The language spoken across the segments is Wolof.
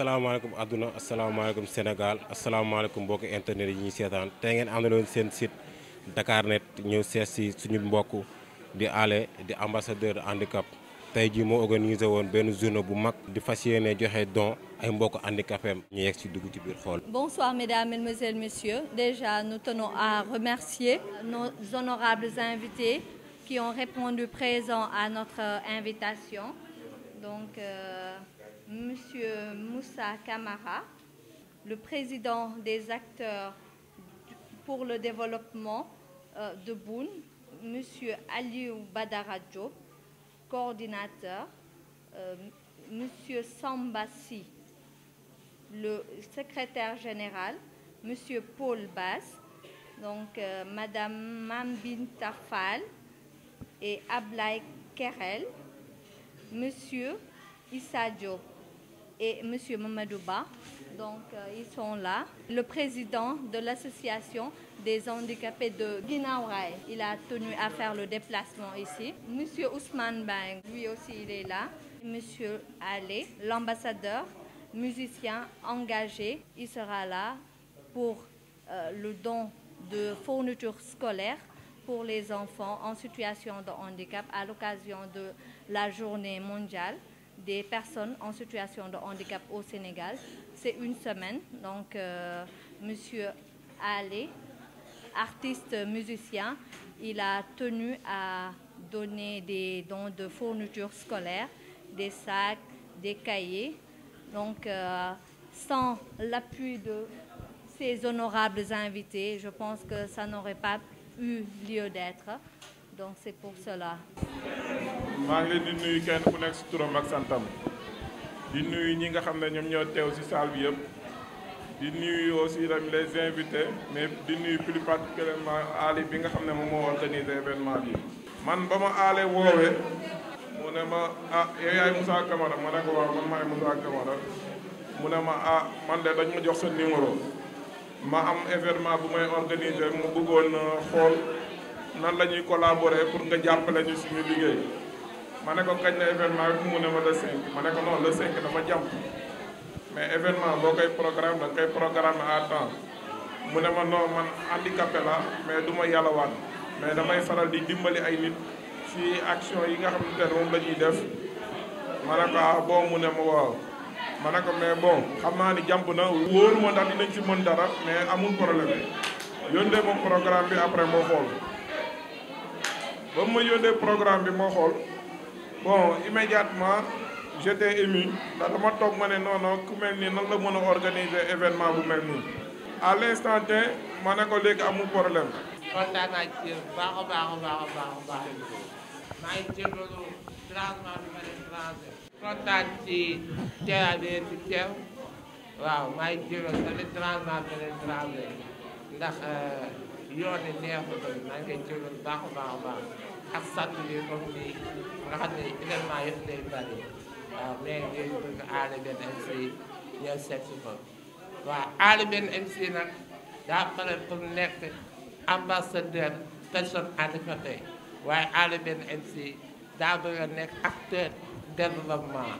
asalaamaaleykum àdduna asalaamaaleykum Sénégal asalaamaaleykum mbokki internet yi ñuy seetaan tey ngeen àndaloon seen site Dakar Net ñëw seet si suñu mbokk di ale di ambassadeur de handicap tey jii moo organisé woon benn journée bu mag di fas yéene joxe don ay mbokk handicapés ñu yegg ci dugg ci biir xool. Bonsoir mesdames, mesdemoiselles, messieurs. Déjà, nous tenons à Monsieur Moussa Kamara, le président des acteurs pour le développement euh, de Boun, Monsieur Aliou Badara Diop, coordinateur, euh, Monsieur Sambassi, le secrétaire général, Monsieur Paul Bass, donc euh, Madame Mambine Tafal et Ablaï Kerel, Monsieur Issa et Monsieur Mamadouba. Donc, euh, ils sont là. Le président de l'association des handicapés de Guinaouraï, il a tenu à faire le déplacement ici. Monsieur Ousmane Bang, lui aussi, il est là. Monsieur Ali, l'ambassadeur, musicien engagé, il sera là pour euh, le don de fournitures scolaires pour les enfants en situation de handicap à l'occasion de la journée mondiale des personnes en situation de handicap au Sénégal. C'est une semaine. Donc, euh, Monsieur Allé, artiste musicien, il a tenu à donner des dons de fournitures scolaires, des sacs, des cahiers. Donc, euh, sans l'appui de ces honorables invités, je pense que ça n'aurait pas eu lieu d'être. Donc, c'est pour cela. maa ngi leen di nuyu kenn nekk si turam ak santam di nuyu ñi nga xam ne ñoom ñoo teew si salle bi yëpp di nuyu aussi tamit les invités mais di nuyu plus particulièrement Ali bi nga xam ne moom moo organisé événement bi. man ba ma aale woowee mu ne ma ah yow yaay Moussa Camara ma ne ko waaw man maay Moussa Camara mu ne ma ah man de dañ ma jox sa numéro ma am événement bu may organisé mu bëggoon euh, xool nan lañuy ñuy pour nga jàppale ñu suñu liggéey. ma ne ko kañ la événement bi mu ne ma le 5 ne ko non le 5 dama jàmm mais événement boo koy programme da koy programme à temps mu ne ma non man handicapé la mais du ma yàllawaat mais damay faral di dimbali ay nit si action yi nga xamante ne moom la ñuy def ma ne ko ah bon mu ne ma waaw. ma ne ko mais bon xam naa ni jàmp na wóoru ma ndax dinañ ci mën dara mais amul problème yónnee ma programme bi après moo xool ba mu ma yónnee programme bi moo xool. bon immédiatement j'étais ému ndax dama toog ma ne non non ku mel nii nan la mën a organiser événement bu mel nii à l'instant ma ne ko léegi amul problème. kontaan naa ci yéen baax a baax a baax a baax a baax maa ngi jégalu traitement bi ma leen ak sant bi comme nii nga xam ne événement yëpp day bari waaw mais ngeen bëgg Aali Ben MC ñëw seet si waaw Aali Ben MC nag daa pare pour nekk ambassadeur personne handicapée waaye Aali Ben MC daa bëgg a nekk acteur développement.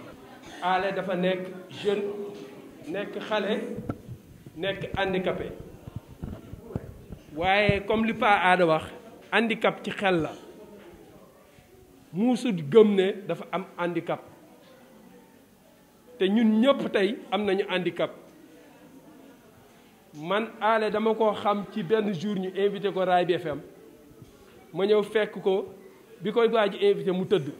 Aali dafa nekk jeune nekk xale nekk handicapé waaye comme li Pa Aada wax handicap ci xel la. muusut gëm ne dafa am handicap te ñun ñëpp tey am nañu handicap man ale dama koo xam ci benn jour ñu invité ko Raay bi FM ma ñëw fekk ko bi koy waa ji invité mu tëdd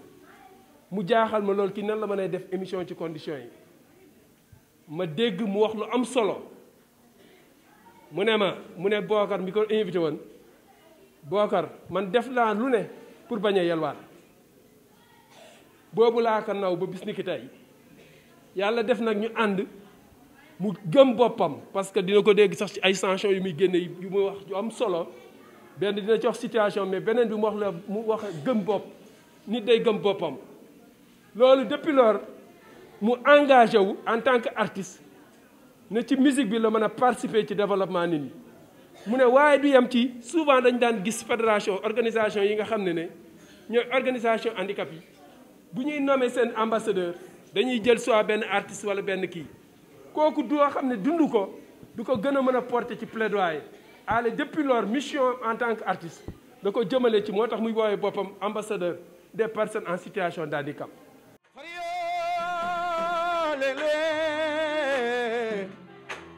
mu jaaxal ma loolu ki nan la mën a def émission ci condition yi ma dégg mu wax lu am solo mu ne ma mu ne Bookar mi ko invité woon Bookar man def laa lu ne pour bañ a yelwaat boobu laa ko naw ba bis ni ki yàlla def nag ñu ànd mu gëm boppam parce que dina ko dégg sax ci ay sanctions yu muy génne yu muy wax yu am solo benn dina ci wax situation mais beneen bi mu wax la mu wax gëm bopp nit day gëm boppam loolu depuis lors mu engagé wu en tant que artiste ne ci musique bi la mën a participer ci développement nit ñi mu ne waaye du yem ci souvent dañ daan gis fédération organisation yi nga xam ne ne ñooy organisation handicap yi bu ñuy nommé seen ambassadeur dañuy jël soit benn artiste wala benn kii kooku doo xam ne dund ko du ko gën a mën a porter ci plaidoyer ale depuis leur mission en tant que artiste da ko jëmale ci moo tax muy woowee boppam ambassadeur des personnes en situation d' handicap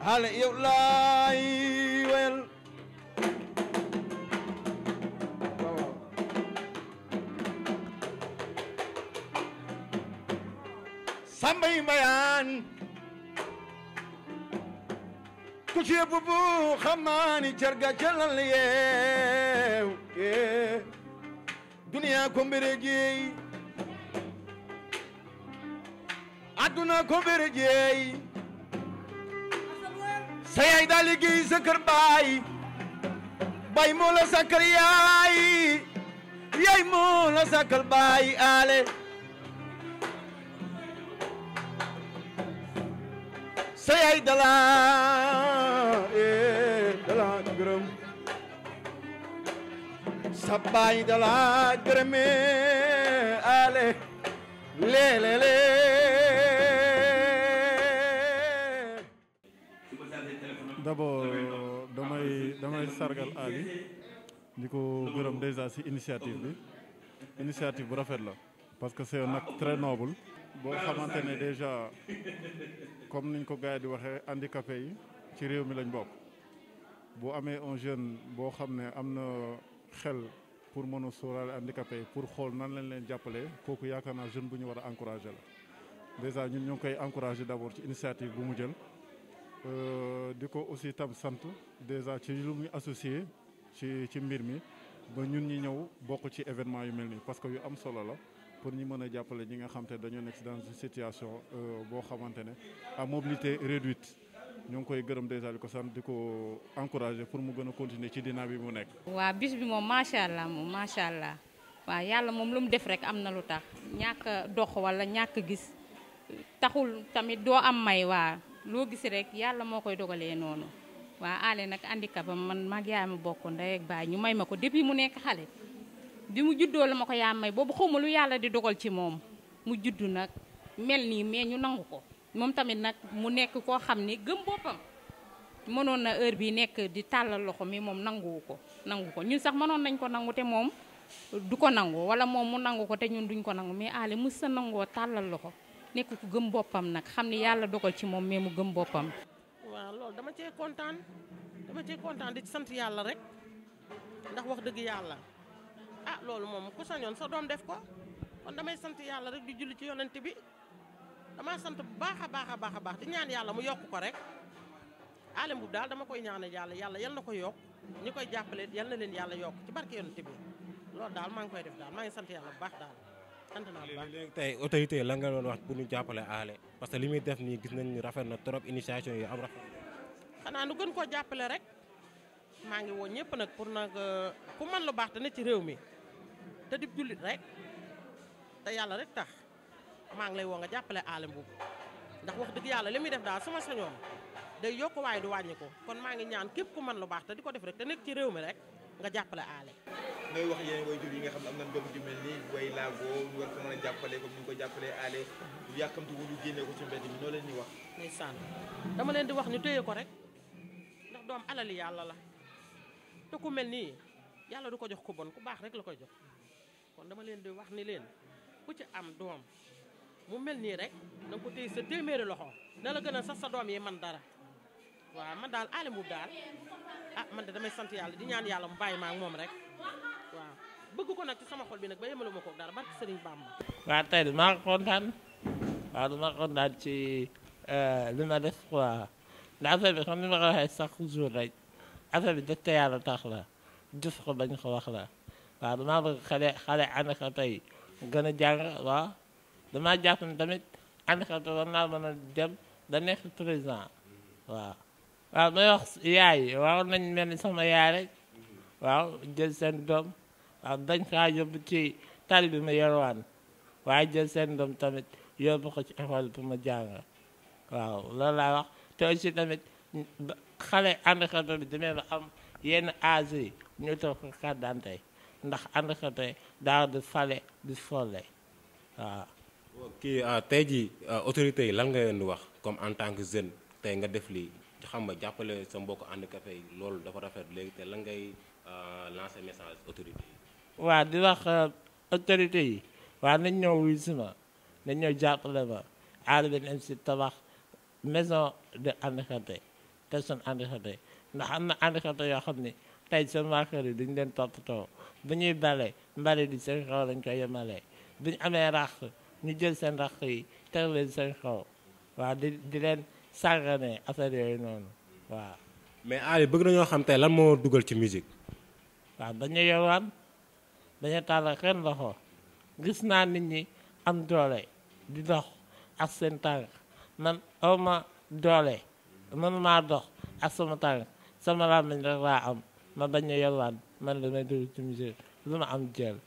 ale yow laay sambay mbayaan ku ci bubu xamaani carga calal yeew yeew duniya ko mbere jeey adduna ko mbere sa yaay sa kër baay baay moo la sakkal yaay yaay moo la sa yaay dala eh, dala gërëm ale leelele d'abord damay damay sargal Ali di ko gërëm déjà si initiative bi initiative bu rafet la parce que c'est un acte très noble boo xamante ne déjà comme niñ ko gars di waxee handicapé yi ci réew mi lañ bokk boo amee un jeune boo xam ne am na xel pour mën a sóoraale handicapé yi pour xool nan lañ leen jàppale kooku yaakaar naa jeune bu ñu war a encouragé la déjà ñun ñu ngi koy encouragé d'abord ci initiative bu mu jël euh, di ko aussi tam sant déjà ci lu muy associé ci mbir mi ba ñun ñi ñëw bokk ci événement yu mel nii parce que yu am solo la pour ñu mën a jàppale ñi nga xam te dañoo nekk dans une situation euh, boo xamante ne à mobilité réduite ñu koy gërëm dèjà di ko sant di ko encouragé pour mu gën a continuer ci dina bi mu nekk. waa bis bi moom macha allah moom macha allah waaw yàlla moom lu mu def rek am na lu tax ñàkk dox wala ñàkk gis taxul tamit doo am may waa loo gis rek yàlla moo koy dogalee noonu waa ale nag handicap am man mag yaay ma bokk ndey baay ñu may ma ko depuis mu nekk bi mu juddoo la ma ko yaa may boobu xawma lu yàlla di dogal ci moom mu juddu nag mel nii mais ñu nangu ko moom tamit nag mu nekk koo xam ni gëm boppam mënoon na heure bi nekk di tàllal loxo mi moom nanguwu ko nangu ko ñun sax mënoon nañ ko nangu te moom du ko nangu wala moom mu nangu ko te ñun duñ ko nangu mais Aly mës sa nangoo tàllal loxo nekk ku gëm boppam nag xam ni yàlla dogal ci moom mais mu gëm boppam waaw loolu dama cee kontaan dama cee kontaan di sant yàlla rek ndax wax dëgg yàlla ah loolu moom ku sañoon sa doom def ko kon damay sant yàlla rek di julli ci yonent bi damaa sant bu baax a baax a baax a baax di ñaan yàlla mu yokk ko rek aale bu daal dama koy ñaanal yàlla yàlla yal na ko yokk ñi koy jàppale yal na leen yàlla yokk ci barke yonent bi lool daal maa ngi koy def daal maa ngi sant yàlla bu baax daal. sant naa bu baax tey autorité la nga doon wax bu nu jàppalee aale parce que li muy def nii gis nañ ni rafet na trop initiation yi am rafet xanaa nu gën koo rek maa ngi woo ñëpp nag pour nag euh, ku lu baax dana ci réew mi. te dib jullit rek te yàlla rek tax maa ngi lay woo nga jàppale aale mbuub ndax wax dëgg yàlla li muy def daal su ma sañoon day yokk waaye du wàññi ko kon maa ngi ñaan képp ku man lu baax te di ko def rek te nekk ci réew mi rek nga jàppale aale ngay wax yéen koy jur yi nga xam ne am nañ doom ju mel nii way laagoo ñu war ko mën a jàppale ko ni ko jàppalee aale du yàkkamti wuñu génnee ko ci mbedd mi noo leen di wax ndeysaan dama leen di wax ñu téye ko rek ndax yàlla la te ku mel nii yàlla du ko jox ku bon ku baax rek la koy jox kon dama leen di wax ni leen ku ci am doom mu mel nii rek da nga ko sa téeméeri loxo na gën a sax sa doom yi man dara waaw ma daal aali bub daal a ah, man de damay sant yàlla di ñaan yàlla mu maa ma moom rek waaw bëgg ko nag ci sama xol bi nag ba yemalu ma ko dara barke Sëriñ Bamba waaw tey dama kontaan waaw dama kontaan ci euh, li ma def quoi ndax affaire bi xam ni ma ko waxee chaque jour rek affaire bi def te tax la jëf ko bañ ko wax la waa damaa bëgg xale xale handicapé yi gën a jàng waaw damaa jàpp tamit handicapé war naa mën a dem da nekk président waaw waaw may wax yaay waaw nañ mel ni sama yaay rek waaw jël seen doom waaw dañ kaa yóbbu ci tali ma yorwaan waaye jël seen doom tamit yóbbu ko ci école bi ma jàng waaw loolu laa wax te aussi tamit xale handicapé bi demee ba am yenn âge yi ñu toog ko ndax àndkate daal di fale di folle waaw kii euh, tey jii euh, autorités yi lan nga leen di wax comme en tant que jeune tey nga def lii xam nga jàppale sa mbokk handicapé yi loolu dafa rafet léegi te lan ngay euh, lancer message autorités yi waaw di wax autorités yi waa nañ ñëw wuyu si ma nañ ñëw jàppale ma aada bi nañ si tabax maison de handicapé personne handicapé ndax am na handicapé yoo xam ne tey sama waa kër yi dañ leen toppatoo bu ñuy bale mbale di seen xaw lañ koy yemale bu ñu amee raq ñu jël seen raq yi teg leen seen xaw waaw di di leen sàggane affaire yooyu noonu waa mais Ali bëgg nañoo xam tey lan moo dugal ci musique. waaw bañ a yowaan bañ a tàllal kenn loxo gis naa nit ñi am doole di dox ak seen tànk man awma doole mënumaa dox ak sama tànk sama làmmiñ rek laa am. ma bañ a yalwaan man damay dugg ci musée lu ma am jël